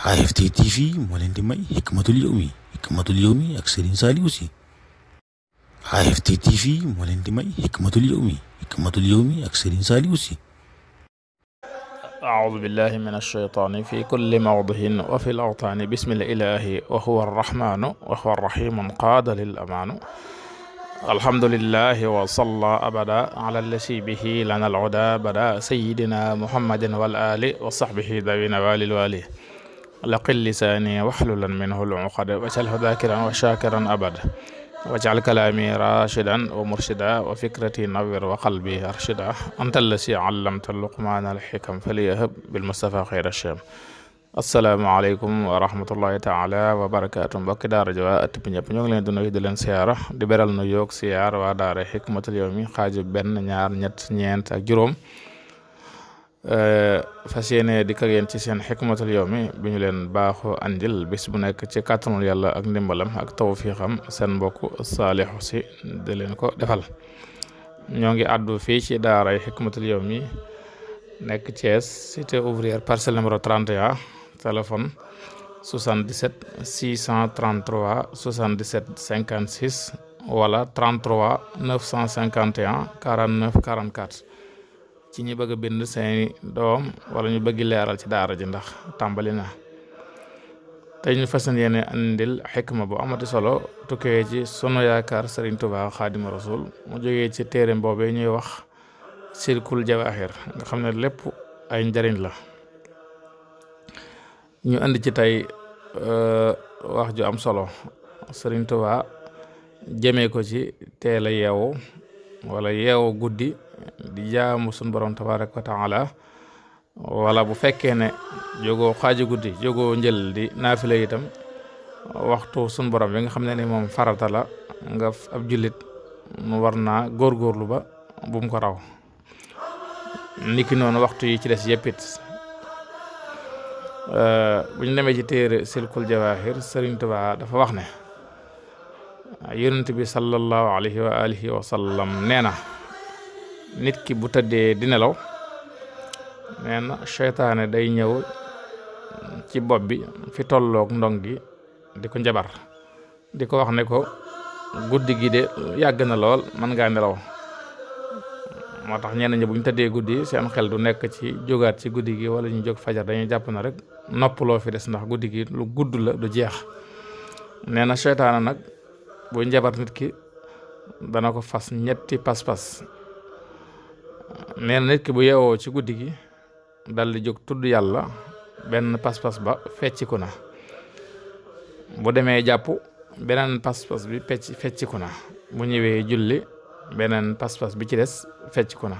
AFT TV moo leen di may xikmatul yawmi xikmatul yawmi ak Serigne Saliou Sy AFT TV moo leen di may xikmatul yawmi xikmatul yawmi ak Serigne Saliou Sy أعوذ بالله من الشيطان في كل موضع وفي الأوطان بسم الإله وهو الرحمن وهو الرحيم قاد للأمان الحمد لله وصلى أبدا على الذي به لنا العدا بدا سيدنا محمد والآل وصحبه ذوي نوال الوالي laqil lisaani waxlulan minhu lcuqad waj'alhu daakiran wa shaakiran abada waj'al kalaami raashidan wa murshida wa fikrati nawwir wa qalbi arshida anta allasi allamta luqmaana alxikam faliyahab bilmustafa xayra sham asalaamaaleykum wa rahmatullahi taala wa barakaatu mbokki daara ji waa ëtt bi ñëpp ñoo ngi leen di nuyu di leen siyaara di beral nu yoog siyaar waa daara xikmatul yawmi xaaju benn ñaar ñett ñeent ak juróom Euh, fas yéene di kag yéen ci seen xikmatul yawmi mi ñu leen baaxoo andil bis bu nekk ci kàttanul yàlla ak ndimbalam ak fi xam seen mbokk saalixu si di leen ko defal ñoo ngi àddu fii ci daaray xikmatul mi nekk Thiès cité ouvrière parcelle numéro 31 téléphone 77 633 77 56 wala 33 951 49 44 ci ñi bëgg a bind seeni doom wala ñu bëgg leeral ci daara ji ndax tàmbali na tey ñu fasan yéene andil ma bu amati solo tukkee ci sunu yaakaar sëriñ Touba Xaadimu Rasul mu jege ci téere boobee ñuy wax sirkul jawaaxir nga xam ne lépp ay njariñ la ñu indi ci tey euh, wax ju am solo sëriñ Touba jëmee ko ci teel a yeewu wala yeewu guddi di jaamu sun borom tabaraka wa taala wala bu fekkee ne jogo xaaji guddi jógoo njël di naafila itam waxtu sun borom bi nga xam ne ni moom farata la nga ab jullit mu war naa góorgóorlu ba bum ko raw niki noonu waxtu yi ci des yëppit euh, bu ñu demee ci téere silkul jawaahir Sëriñ Tuubaa dafa wax ne yonent bi sallallahu alayhi wa alihi wa nee na nit ki bu tëddee di nelaw nee na day ñëw ci bopp bi fi tolloog ndong gi di ko njabar di ko wax ne ko guddi gi de yàgg na lool mën ngaa nelaw moo tax ñenn ñi bu ñu tëddee guddi seen xel du nekk ci jógaat ci guddi gi wala ñu jóg fajar dañuy jàpp na rek noppaloo fi des ndax guddi gi lu gudd la du jeex nee na seytaane nag bu njabar nit ki dana ko fas ñetti pas-pas nee na nit ki bu yeewoo ci guddi gi dal di jóg tudd yàlla benn pas-pas ba fecciku na bu demee jàpp beneen pas-pas bi fecc fecciku na bu ñëwee julli beneen pas-pas bi ci des fecciku na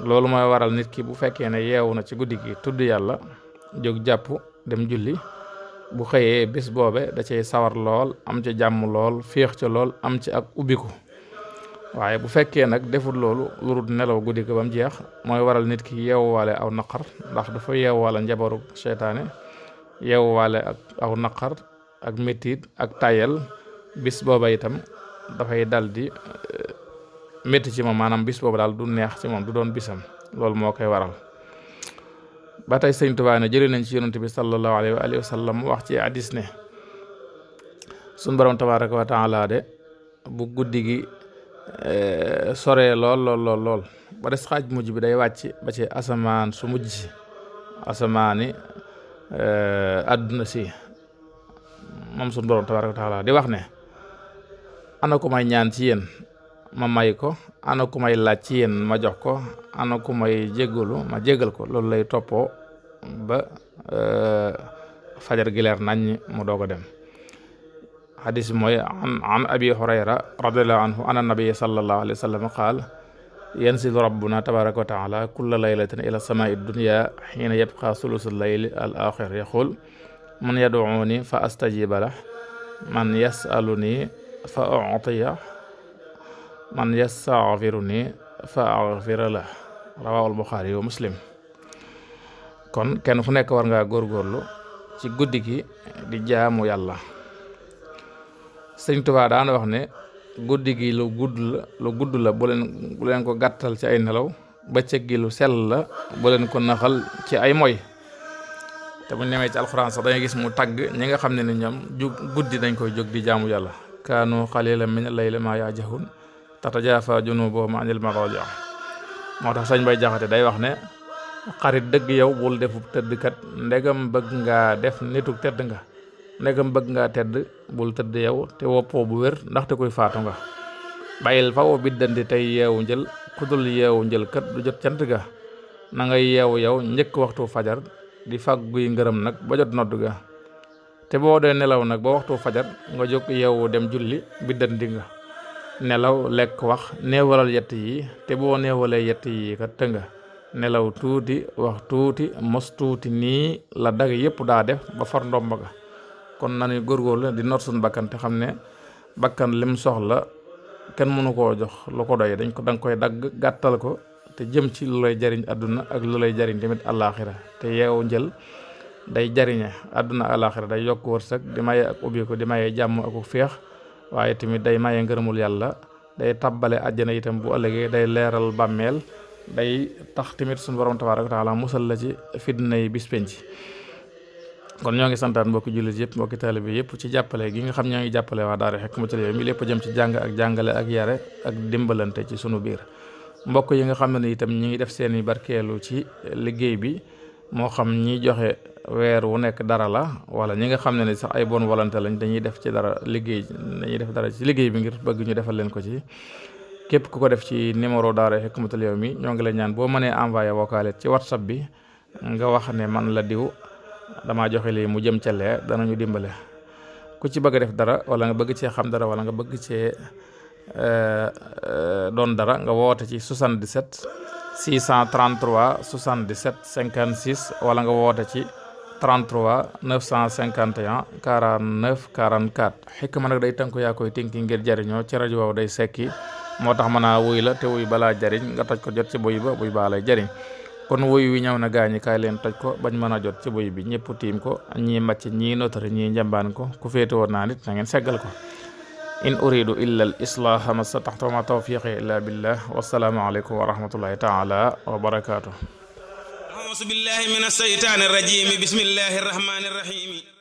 loolu mooy waral nit ki bu fekkee ne yeewu na ci guddi gi tudd yàlla jóg jàpp dem julli bu xëyee bis boobe da cay sawar lool am ci jàmm lool féex ca lool am ci ak ubbiku waaye bu fekkee nag deful loolu lurut nelaw guddi ko ba jeex mooy waral nit ki yeewuwaale aw naqar ndax dafa yeewuwaale njabaru seytaane yeewuwaale ak aw naqar ak méttiit ak tayal bis booba itam dafay daldi di eh, métti ci moom maanaam bis boobu daal du neex ci moom du doon bisam loolu moo koy waral ba tey sëñ Tuubaa ne jëlee nañ ci yonent bi sallallahu alayhi wa alihi wa wax ci hadis ne suñ borom tabaraka wa taala de bu guddi gi Eh, soree lool lool lool ba des xaaj mujj bi day wàcc ba ci asamaan su mujj asamaani eh, àdduna si moom suñu borom tabaaraka wa di wax ne ana ku may ñaan ci yéen ma may ko ana ku may laaj ci yéen ma jox ko ana ku may jéggalu ma jéggal ko loolu lay toppoo ba eh, fajar gileer leer nañ mu doog a dem xadis bi mooy an an abi hurayra radiallahu anhu an annabi sallallahu alayhi wa sallam qaal yanzilu rabbuna tabaraka wa taala kulla laylatin ila samaai dunya xiina yabqa sulusu layli al axir yaqul man yaduuni fa astajiba lah man yasaluni fa utiya man yastaxfiruni fa axfira lah rawaahul buxaari wa muslim kon kenn fu nekk war ngaa góorgóorlu ci guddi gi di jaamu yàlla sëñ Tuubaa daana wax ne guddi gi lu gudd la lu gudd la bu leen bu leen ko gàttal ci ay nelaw ba gi lu sel la bu leen ko naxal ci ay moy te bu nemee ci alxuraan sax dangay gis mu tagg ñi nga xam ne ni ñoom ju guddi dañ koy jóg di jaamu yàlla kaanu xalilan mina layli maa yahjahuun tatajaafa junuubuhum anil madaaji' moo tax sañ Bay Jaxate day wax ne xarit dëgg yow bul defub tëddkat ndegam bëgg ngaa def nituk tëdd nga ndegam bëgg ngaa tedd bul tëdd yow te woppoo bu wér ndaxte koy faatu nga bàyyil faw biddandi tey yeewu njël kudul yeewu njël kat du jot cant ga na nga yeewu yow njëkk waxtu fajar di fag fàgguy ngërëm nag ba jot nodd ga te boo dee nelaw nag ba waxtu fajar nga jóg yeewu dem julli biddandi nga nelaw lekk wax neewalal yett yi te boo neewalee yett yi kat të nga nelaw tuuti wax tuuti mos tuuti nii la dag yépp daa def ba far ga kon nañu la di noot suñu bakkan te xam ne bakkan lim soxla kenn mënu koo jox lu ko doy dañ ko da koy dagg gàttal ko te jëm ci lu jariñ àdduna ak lu lay jariñ tamit àllaaxira te yeewu njël day jariñe àdduna àllaaxira day yokk wërsëg di maye ak ubbi ko di maye jàmm ak feex waaye tamit day maye ngërëmul yàlla day tabbale àjjana itam bu ëllëgee day leeral bàmmeel day tax tamit suñu borom tabaaraka wa musal la ci fitna yi bis kon ñoo ngi santaat mbokki jullit yëpp mbokki taalibe yëpp ci jàppale gi nga xam ñoo ngi jàppale waa daara Hikmatul Yawmi mi lépp jëm ci jàng ak jàngale ak yare ak dimbalante ci sunu biir mbokk yi nga xam ne itam ñi ngi def seeni barkeelu ci liggéey bi moo xam ñi joxe weer wu nekk dara la wala ñi nga xam ne ni sax ay bonne volonté lañ dañuy def ci dara liggéey dañuy def dara ci liggéey bi ngir bëgg ñu defal leen ko ci képp ku ko def ci numéro daara Hikmatul Yawmi ñoo ngi la ñaan boo mënee envoyé vocal ci whatsapp bi nga wax ne man la diw damaa joxe lii mu jëm ca lee danañu dimbale ku ci bëgg def dara wala nga bëgg cee xam dara wala nga bëgg cee eh, eh, doon dara nga woote ci 77 633 77 56 wala nga woote ci 33 951 49 44 ma nag day tënku yaa koy tënki ngir jariñoo ci rajo waaw day sekki moo tax mën naa wuy la te wuy balaa jariñ nga taj ko jot ci buy ba buy baa lay jariñ kon woy wi ñëw na gaañi kaay leen toj ko bañ mën a jot ci woy bi ñëpp tiim ko ñii màcc ñii notari ñii njambaan ko ku féete woon naa nit na ngeen seggal ko in uridu illa al islaaha mastataxtu ma tawfiqi illa billah wassalaamu aleykum wa rahmatullahi taala wa barakaatu ausu